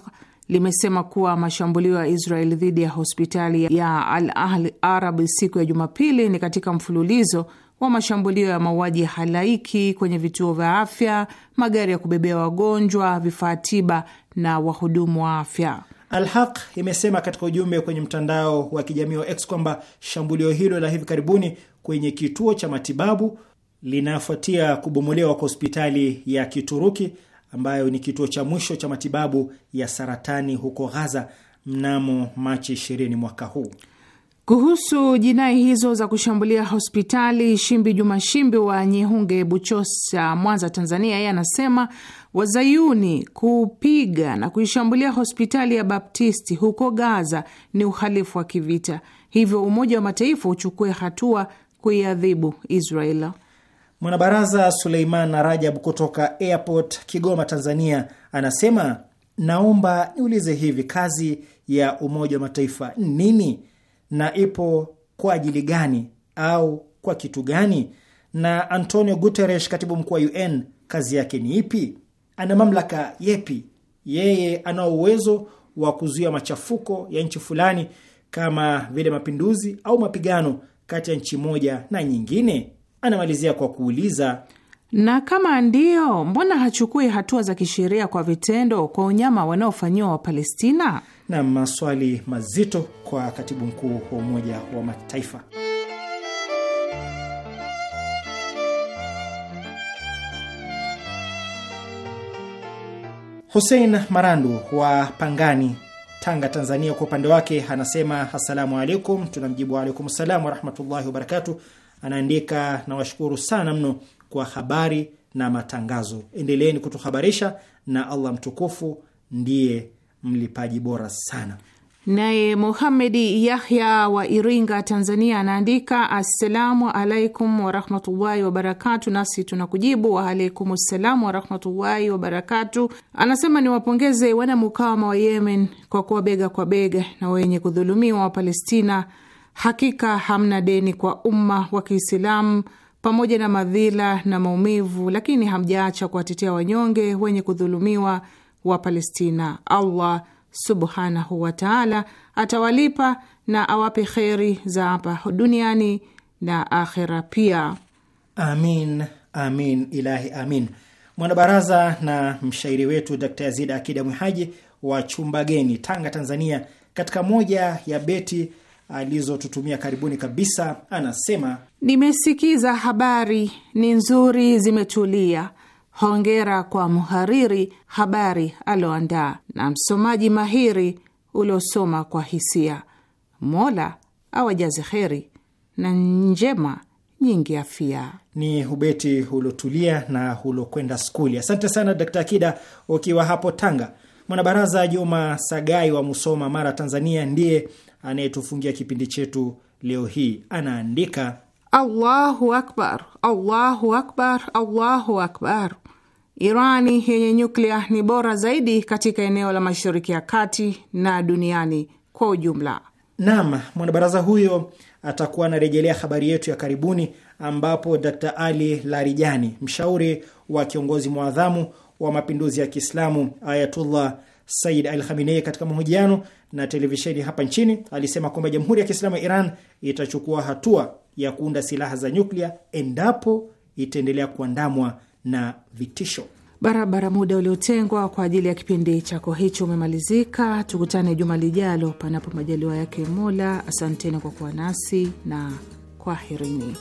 limesema kuwa mashambulio ya Israel dhidi ya hospitali ya Al Ahli Arab siku ya Jumapili ni katika mfululizo wa mashambulio ya mauaji ya halaiki kwenye vituo vya afya, magari ya kubebea wagonjwa, vifaa tiba na wahudumu wa afya. Alhaq imesema katika ujumbe kwenye mtandao wa kijamii wa X kwamba shambulio hilo la hivi karibuni kwenye kituo cha matibabu linafuatia kubomolewa kwa hospitali ya Kituruki ambayo ni kituo cha mwisho cha matibabu ya saratani huko Ghaza mnamo Machi 20 mwaka huu. Kuhusu jinai hizo za kushambulia hospitali, Shimbi Juma Shimbi wa Nyehunge, Buchosa, Mwanza, Tanzania, yeye anasema Wazayuni kupiga na kuishambulia hospitali ya Baptisti huko Gaza ni uhalifu wa kivita, hivyo Umoja wa Mataifa uchukue hatua kuiadhibu Israeli. Mwanabaraza Suleiman Rajab kutoka Airport, Kigoma, Tanzania, anasema naomba niulize, hivi kazi ya Umoja wa Mataifa nini na ipo kwa ajili gani au kwa kitu gani? Na Antonio Guterres, katibu mkuu wa UN, kazi yake ni ipi? Ana mamlaka yepi? Yeye ana uwezo wa kuzuia machafuko ya nchi fulani kama vile mapinduzi au mapigano kati ya nchi moja na nyingine? Anamalizia kwa kuuliza, na kama ndiyo, mbona hachukui hatua za kisheria kwa vitendo kwa unyama wanaofanyiwa Wapalestina? Na maswali mazito kwa katibu mkuu wa Umoja wa Mataifa. Hussein Marandu wa Pangani, Tanga, Tanzania, kwa upande wake anasema assalamu alaikum. Tunamjibu waalaikum salam warahmatullahi wabarakatu. Anaandika, nawashukuru sana mno kwa habari na matangazo, endeleeni kutuhabarisha na Allah mtukufu ndiye mlipaji bora sana. Naye Muhamedi Yahya wa Iringa, Tanzania, anaandika assalamu alaikum warahmatullahi wabarakatu. Nasi tunakujibu waalaikum ssalamu warahmatullahi wabarakatu. Anasema niwapongeze wanamukawama wa Yemen kwa kuwa bega kwa bega na wenye kudhulumiwa wa Palestina Hakika hamna deni kwa umma wa Kiislamu pamoja na madhila na maumivu, lakini hamjaacha kuwatetea wanyonge wenye kudhulumiwa wa Palestina. Allah subhanahu wataala atawalipa na awape kheri za hapa duniani na akhera pia. Amin, amin, ilahi amin. Mwanabaraza na mshairi wetu Dkt. Yazid Akida Mwihaji wa Chumbageni, Tanga, Tanzania, katika moja ya beti alizotutumia karibuni kabisa, anasema nimesikiza habari ni nzuri, zimetulia. Hongera kwa mhariri habari aloandaa na msomaji mahiri uliosoma kwa hisia. Mola awajaze heri na njema nyingi afia. Ni ubeti uliotulia na ulokwenda skuli. Asante sana Dkt. Akida ukiwa hapo Tanga. Mwanabaraza Juma Sagai wa Musoma, Mara, Tanzania, ndiye anayetufungia kipindi chetu leo hii anaandika: Allahu akbar, Allahu akbar, Allahu akbar. Irani yenye nyuklia ni bora zaidi katika eneo la Mashariki ya Kati na duniani kwa ujumla. Naam, mwanabaraza huyo atakuwa anarejelea habari yetu ya karibuni ambapo Dr. Ali Larijani, mshauri wa kiongozi mwadhamu wa mapinduzi ya Kiislamu Ayatullah Said Al Khamenei katika mahojiano na televisheni hapa nchini alisema kwamba Jamhuri ya Kiislamu ya Iran itachukua hatua ya kuunda silaha za nyuklia endapo itaendelea kuandamwa na vitisho. Barabara muda uliotengwa kwa ajili ya kipindi chako hicho umemalizika. Tukutane juma lijalo, panapo majaliwa yake Mola. Asanteni kwa kuwa nasi na kwaherini.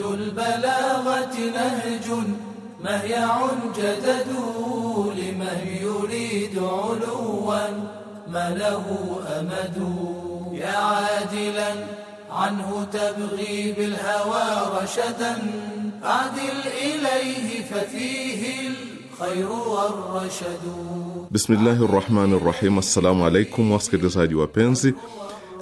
نهج البلاغة نهج مهيع جدد لمن يريد علوا ما له أمد يا عادلا عنه تبغي بالهوى رشدا أعدل إليه ففيه الخير والرشد بسم Bismillahi rrahmani rrahim. Assalamu alaikum wasikilizaji wapenzi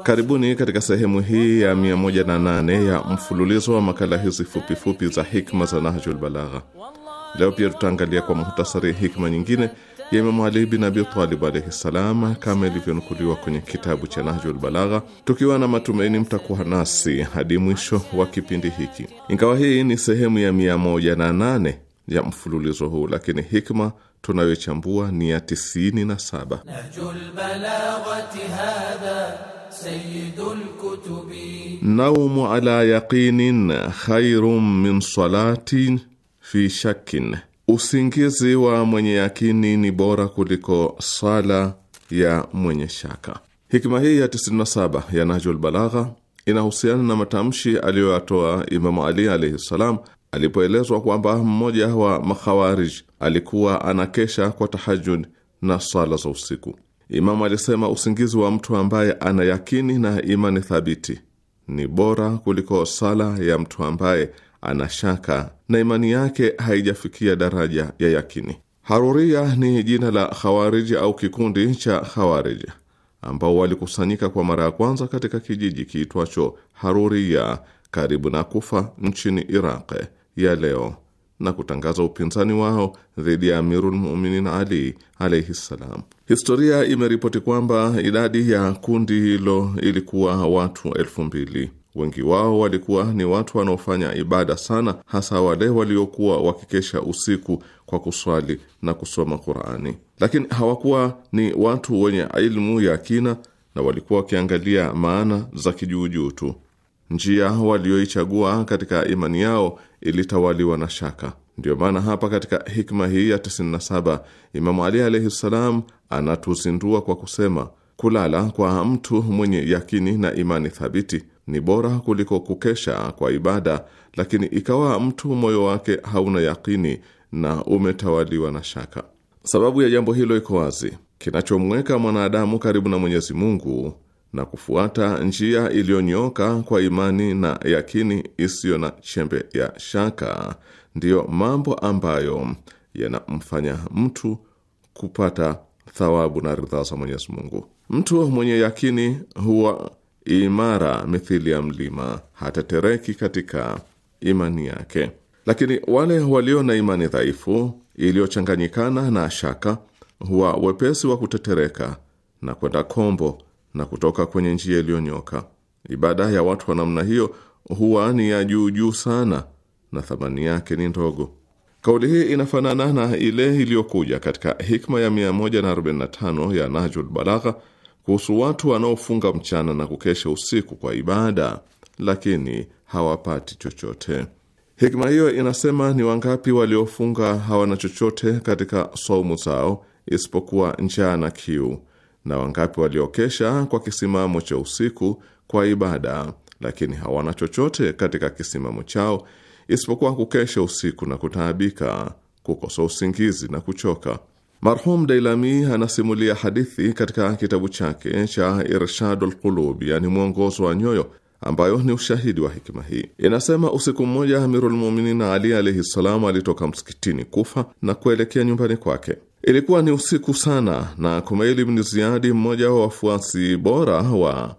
Karibuni katika sehemu hii ya 108 ya mfululizo wa makala hizi fupifupi za hikma za Nahjul Balagha. Leo pia tutaangalia kwa muhtasari hikma nyingine ya Imamu Ali bin Abi Talib alaihi ssalam, kama ilivyonukuliwa kwenye kitabu cha Nahjul Balagha, tukiwa na matumaini mtakuwa nasi hadi mwisho wa kipindi hiki. Ingawa hii ni sehemu ya 108 ya mfululizo huu, lakini hikma tunayochambua ni ya 97 sayyidul kutubi, naumu ala yaqinin khairum min salatin fi shakkin, usingizi wa mwenye yakini ni bora kuliko sala ya mwenye shaka. Hikma hii ya 97 ya Nahjul Balagha inahusiana na matamshi aliyoyatoa Imamu Ali alaihi ssalam alipoelezwa kwamba mmoja wa makhawarij alikuwa anakesha kwa tahajud na sala za usiku. Imamu alisema usingizi wa mtu ambaye ana yakini na imani thabiti ni bora kuliko sala ya mtu ambaye ana shaka na imani yake haijafikia daraja ya yakini. Haruria ni jina la Khawariji au kikundi cha Khawariji ambao walikusanyika kwa mara ya kwanza katika kijiji kiitwacho Haruria karibu na Kufa nchini Iraq ya leo na kutangaza upinzani wao dhidi ya Amirulmuminin Ali alaihi ssalam. Historia imeripoti kwamba idadi ya kundi hilo ilikuwa watu elfu mbili. Wengi wao walikuwa ni watu wanaofanya ibada sana, hasa wale waliokuwa wakikesha usiku kwa kuswali na kusoma Qurani, lakini hawakuwa ni watu wenye ilmu ya kina na walikuwa wakiangalia maana za kijuujuu tu. Njia walioichagua katika imani yao ilitawaliwa na shaka. Ndiyo maana hapa katika hikma hii ya 97 Imamu Ali alaihi ssalam anatuzindua kwa kusema, kulala kwa mtu mwenye yakini na imani thabiti ni bora kuliko kukesha kwa ibada, lakini ikawa mtu moyo wake hauna yakini na umetawaliwa na shaka. Sababu ya jambo hilo iko wazi. Kinachomweka mwanadamu karibu na Mwenyezi Mungu na kufuata njia iliyonyoka kwa imani na yakini isiyo na chembe ya shaka, ndiyo mambo ambayo yanamfanya mtu kupata thawabu na ridhaa za Mwenyezi Mungu. Mtu mwenye yakini huwa imara mithili ya mlima, hatetereki katika imani yake. Lakini wale walio na imani dhaifu iliyochanganyikana na shaka huwa wepesi wa kutetereka na kwenda kombo na kutoka kwenye njia iliyonyoka. Ibada ya watu wa namna hiyo huwa ni ya juu juu sana na thamani yake ni ndogo. Kauli hii inafanana na ile iliyokuja katika hikma ya 145 ya najul Balagha kuhusu watu wanaofunga mchana na kukesha usiku kwa ibada, lakini hawapati chochote. Hikma hiyo inasema, ni wangapi waliofunga hawana chochote katika saumu zao isipokuwa njaa na kiu na wangapi waliokesha kwa kisimamo cha usiku kwa ibada, lakini hawana chochote katika kisimamo chao isipokuwa kukesha usiku na kutaabika, kukosa usingizi na kuchoka. Marhum Dailami anasimulia hadithi katika kitabu chake cha Irshadul Qulub, yani mwongozo wa nyoyo, ambayo ni ushahidi wa hikima hii. Inasema usiku mmoja Amirul Muminin Ali alaihi ssalam alitoka msikitini Kufa na kuelekea nyumbani kwake. Ilikuwa ni usiku sana, na Kumail ibn Ziyadi, mmoja wa wafuasi bora wa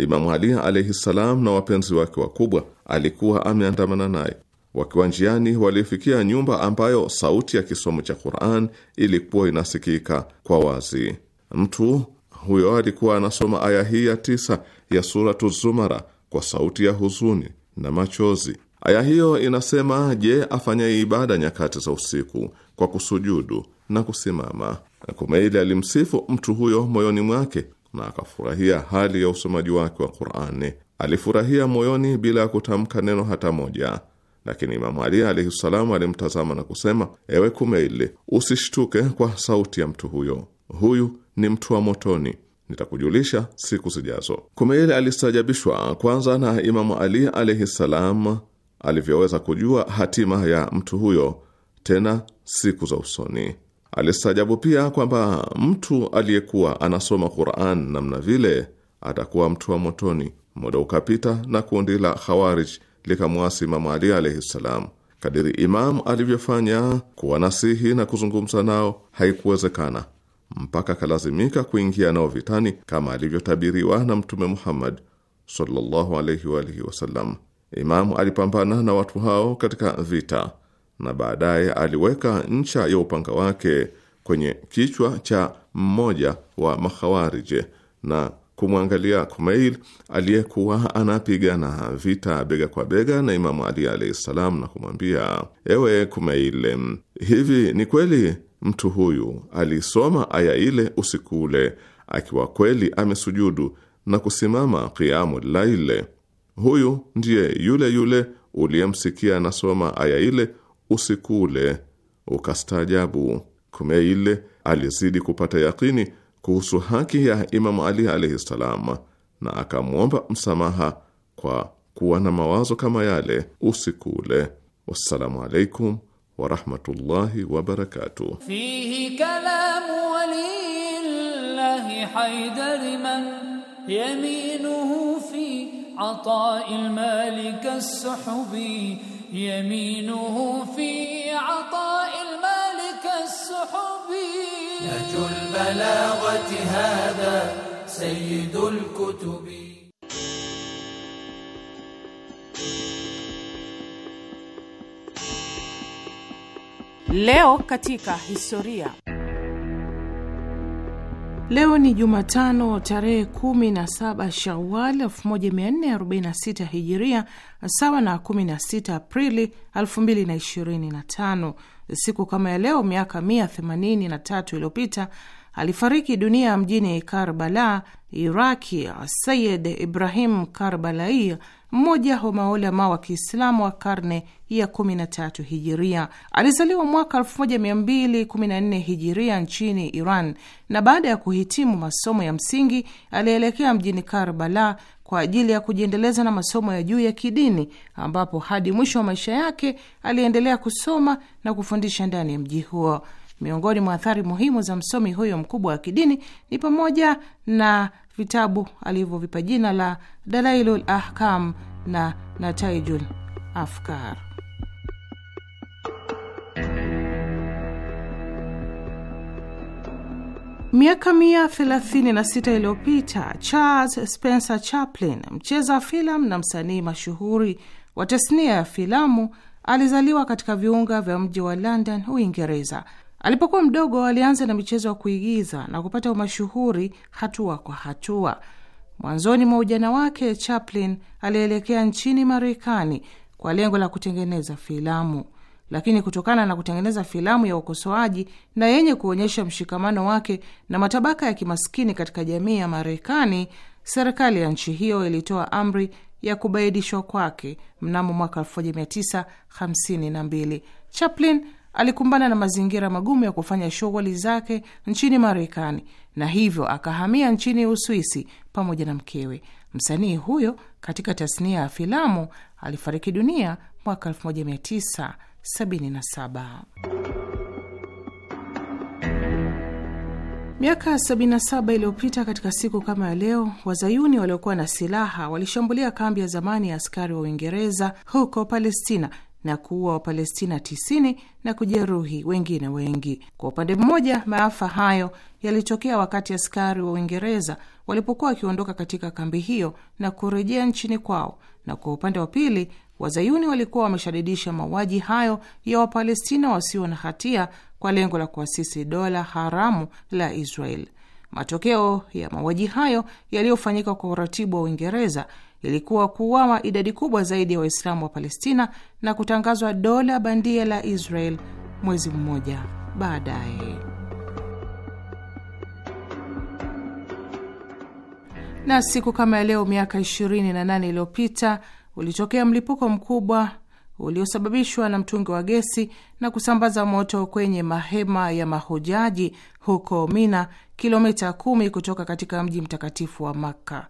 Imamu Ali alaihi salam, na wapenzi wake wakubwa, alikuwa ameandamana naye. Wakiwa njiani, walifikia nyumba ambayo sauti ya kisomo cha Quran ilikuwa inasikika kwa wazi. Mtu huyo alikuwa anasoma aya hii ya tisa ya Suratu Zumara kwa sauti ya huzuni na machozi. Aya hiyo inasema: Je, afanyaye ibada nyakati za usiku kwa kusujudu na kusimama. Kumeili alimsifu mtu huyo moyoni mwake na akafurahia hali ya usomaji wake wa Qur'ani. Alifurahia moyoni bila ya kutamka neno hata moja, lakini Imamu Ali alaihi ssalamu alimtazama na kusema: ewe Kumeili, usishtuke kwa sauti ya mtu huyo, huyu ni mtu wa motoni, nitakujulisha siku zijazo. Kumeili alistajabishwa kwanza na Imamu Ali alaihi salam alivyoweza kujua hatima ya mtu huyo, tena siku za usoni. Alistajabu pia kwamba mtu aliyekuwa anasoma Quran namna vile atakuwa mtu wa motoni. Muda ukapita na kundi la Khawarij likamwasi Imamu Ali alaihi ssalam. Kadiri Imamu alivyofanya kuwanasihi na kuzungumza nao, haikuwezekana mpaka akalazimika kuingia nao vitani kama alivyotabiriwa na Mtume Muhammad sallallahu alaihi wa alihi wasallam. Imamu alipambana na watu hao katika vita na baadaye aliweka ncha ya upanga wake kwenye kichwa cha mmoja wa makhawarije na kumwangalia Kumail aliyekuwa anapigana vita bega kwa bega na Imamu Ali alahi salam, na kumwambia ewe Kumail, hivi ni kweli mtu huyu alisoma aya ile usiku ule akiwa kweli amesujudu na kusimama kiamu laile? Huyu ndiye yule yule uliyemsikia anasoma aya ile usikule ukastaajabu. Kumeil alizidi kupata yakini kuhusu haki ya Imamu Ali alaihi ssalam, na akamwomba msamaha kwa kuwa na mawazo kama yale. Usikule. Wassalamu alaikum warahmatullahi wabarakatuh. Fihi kalamu walillahi haidari man yaminuhu fi atai lmalika ssuhubi يمينه في عطاء المالك السحبي نهج البلاغة هذا سيد الكتب Leo katika historia. Leo ni Jumatano tarehe 17 Shawal 1446 Hijiria, sawa na 16 Aprili 2025. Siku kama ya leo miaka 183 iliyopita alifariki dunia mjini Karbala, Iraki, Sayid Ibrahim Karbalai, mmoja wa maulama wa Kiislamu wa karne ya 13 hijiria. Alizaliwa mwaka 1214 hijiria nchini Iran, na baada ya kuhitimu masomo ya msingi alielekea mjini Karbala kwa ajili ya kujiendeleza na masomo ya juu ya kidini, ambapo hadi mwisho wa maisha yake aliendelea kusoma na kufundisha ndani ya mji huo. Miongoni mwa athari muhimu za msomi huyo mkubwa wa kidini ni pamoja na vitabu alivyovipa jina la Dalailul Ahkam na Nataijul Afkar. Miaka mia thelathini na sita iliyopita Charles Spencer Chaplin, mcheza filamu na msanii mashuhuri wa tasnia ya filamu, alizaliwa katika viunga vya mji wa London, Uingereza. Alipokuwa mdogo, alianza na michezo ya kuigiza na kupata umashuhuri hatua kwa hatua. Mwanzoni mwa ujana wake, Chaplin alielekea nchini Marekani kwa lengo la kutengeneza filamu, lakini kutokana na kutengeneza filamu ya ukosoaji na yenye kuonyesha mshikamano wake na matabaka ya kimaskini katika jamii ya Marekani, serikali ya nchi hiyo ilitoa amri ya kubaidishwa kwake mnamo mwaka 1952. Chaplin alikumbana na mazingira magumu ya kufanya shughuli zake nchini Marekani na hivyo akahamia nchini Uswisi pamoja na mkewe. Msanii huyo katika tasnia ya filamu alifariki dunia mwaka 1977. Miaka 77 iliyopita katika siku kama ya leo, wazayuni waliokuwa na silaha walishambulia kambi ya zamani ya askari wa Uingereza huko Palestina na kuua Wapalestina 90 na kujeruhi wengine wengi. Kwa upande mmoja, maafa hayo yalitokea wakati askari wa Uingereza walipokuwa wakiondoka katika kambi hiyo na kurejea nchini kwao, na kwa upande wa pili, wazayuni walikuwa wameshadidisha mauaji hayo ya Wapalestina wasio na hatia kwa lengo la kuasisi dola haramu la Israel. Matokeo ya mauaji hayo yaliyofanyika kwa uratibu wa Uingereza lilikuwa kuuawa idadi kubwa zaidi ya wa Waislamu wa Palestina na kutangazwa dola bandia la Israel mwezi mmoja baadaye. Na siku kama ya leo miaka 28 iliyopita ulitokea mlipuko mkubwa uliosababishwa na mtungi wa gesi na kusambaza moto kwenye mahema ya mahujaji huko Mina, kilomita kumi kutoka katika mji mtakatifu wa Makka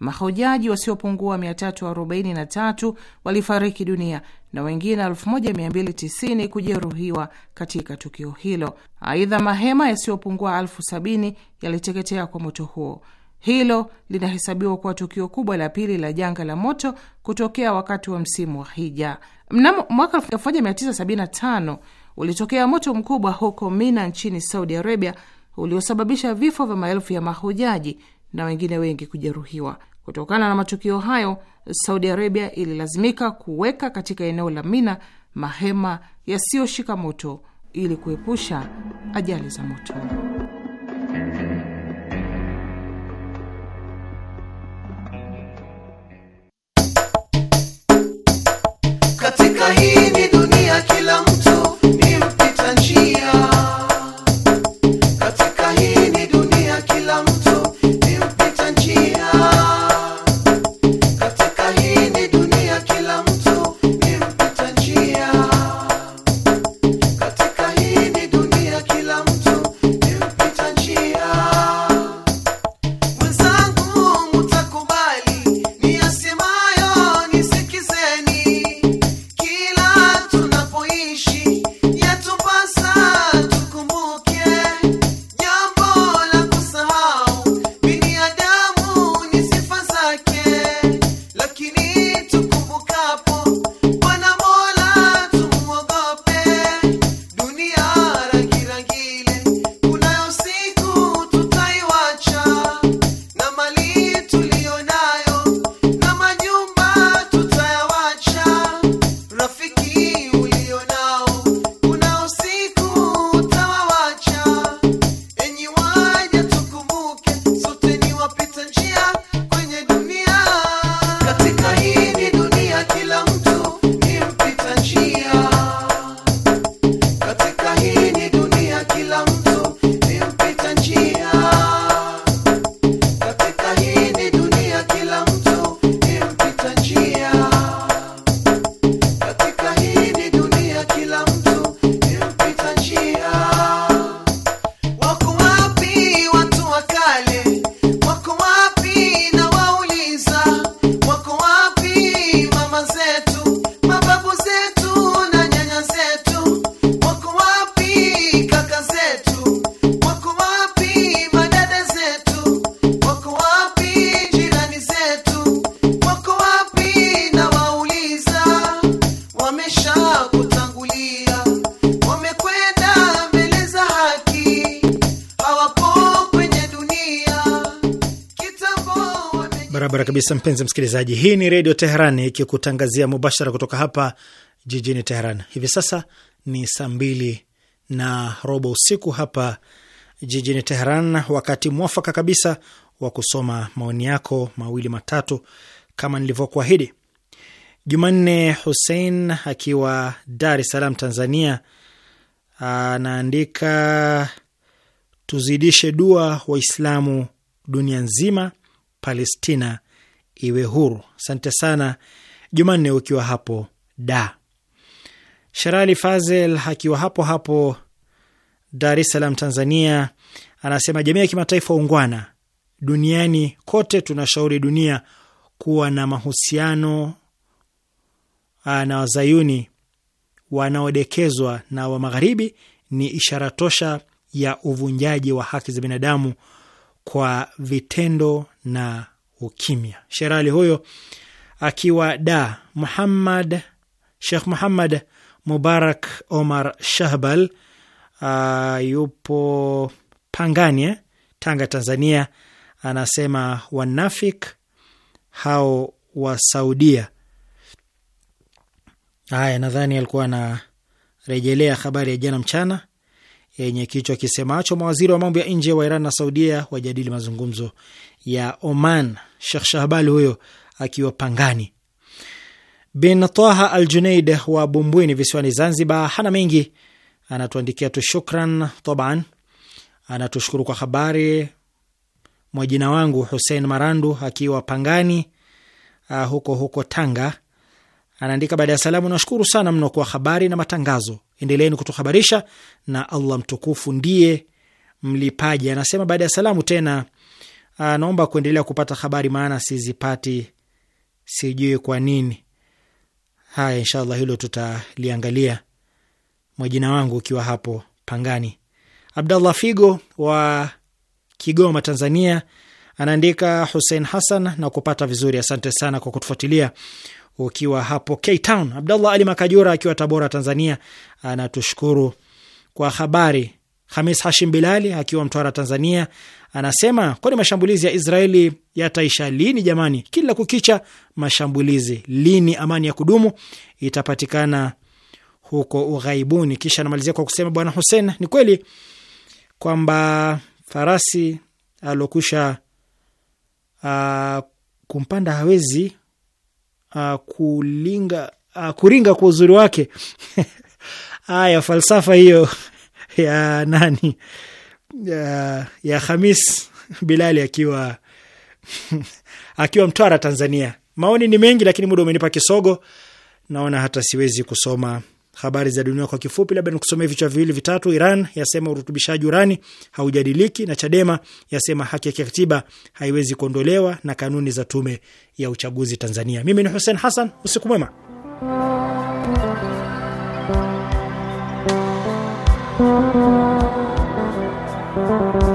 mahujaji wasiopungua 343 walifariki dunia na wengine 1290 kujeruhiwa katika tukio hilo. Aidha, mahema yasiyopungua elfu sabini yaliteketea kwa moto huo. Hilo linahesabiwa kuwa tukio kubwa la pili la janga la moto kutokea wakati wa msimu wa hija. Mnamo mwaka 1975 ulitokea moto mkubwa huko Mina nchini Saudi Arabia uliosababisha vifo vya maelfu ya mahujaji na wengine wengi kujeruhiwa. Kutokana na matukio hayo, Saudi Arabia ililazimika kuweka katika eneo la Mina mahema yasiyoshika moto ili kuepusha ajali za moto. Katika hii kabisa, mpenzi msikilizaji. Hii ni Redio Teheran ikikutangazia mubashara kutoka hapa jijini Teheran. Hivi sasa ni saa mbili na robo usiku hapa jijini Teheran, wakati mwafaka kabisa wa kusoma maoni yako mawili matatu kama nilivyokuahidi. Jumanne Hussein akiwa Dar es Salaam, Tanzania, anaandika tuzidishe dua Waislamu dunia nzima, Palestina iwe huru. Asante sana Jumanne ukiwa hapo da. Sherali Fazel akiwa hapo hapo Dar es Salaam, Tanzania, anasema jamii ya kimataifa ungwana duniani kote tunashauri dunia kuwa na mahusiano ah, na wazayuni wanaodekezwa na wa magharibi ni ishara tosha ya uvunjaji wa haki za binadamu kwa vitendo na ukimya. Sherali huyo akiwa da Muhammad Sheikh Muhammad Mubarak Omar Shahbal uh, yupo Pangani, eh? Tanga, Tanzania, anasema wanafik hao wa Saudia. Haya, nadhani alikuwa anarejelea habari ya jana mchana yenye kichwa kisemacho mawaziri wa mambo ya nje wa Iran na Saudia wajadili mazungumzo ya Oman. Shekh Shahbal huyo akiwa Pangani. Bin Taha Al Junaid wa Bumbwini visiwani Zanzibar hana mengi, anatuandikia tu shukran taban, anatushukuru kwa habari. Mwajina wangu Hussein Marandu akiwa Pangani uh, huko huko Tanga anaandika baada ya salamu, nashukuru sana mno kwa habari na matangazo, endeleeni kutuhabarisha na Allah mtukufu ndiye mlipaji. Anasema baada ya salamu tena Ah, naomba kuendelea kupata habari, maana sizipati, sijui kwa nini. Haya, inshallah hilo tutaliangalia, Majina wangu ukiwa hapo Pangani. Abdallah Figo wa Kigoma, Tanzania, anaandika Hussein Hassan na kupata vizuri. Asante sana kwa kutufuatilia ukiwa hapo K Town. Abdallah Ali Makajura akiwa Tabora, Tanzania, anatushukuru kwa habari. Hamis Hashim Bilali akiwa Mtwara, Tanzania, anasema kwani mashambulizi ya Israeli yataisha lini jamani? Kila kukicha mashambulizi, lini amani ya kudumu itapatikana huko ughaibuni? Kisha anamalizia kwa kusema, Bwana Hussein, ni kweli kwamba farasi alokusha uh, kumpanda hawezi uh, kulinga uh, kuringa kwa uzuri wake. Haya, falsafa hiyo ya nani ya, ya Hamis Bilali akiwa akiwa Mtwara, Tanzania. Maoni ni mengi, lakini muda umenipa kisogo, naona hata siwezi kusoma habari za dunia kwa kifupi, labda nikusomea vichwa viwili vitatu. Iran yasema urutubishaji urani haujadiliki, na Chadema yasema haki ya kikatiba haiwezi kuondolewa na kanuni za tume ya uchaguzi Tanzania. Mimi ni Hussein Hassan, usiku mwema. Thank you.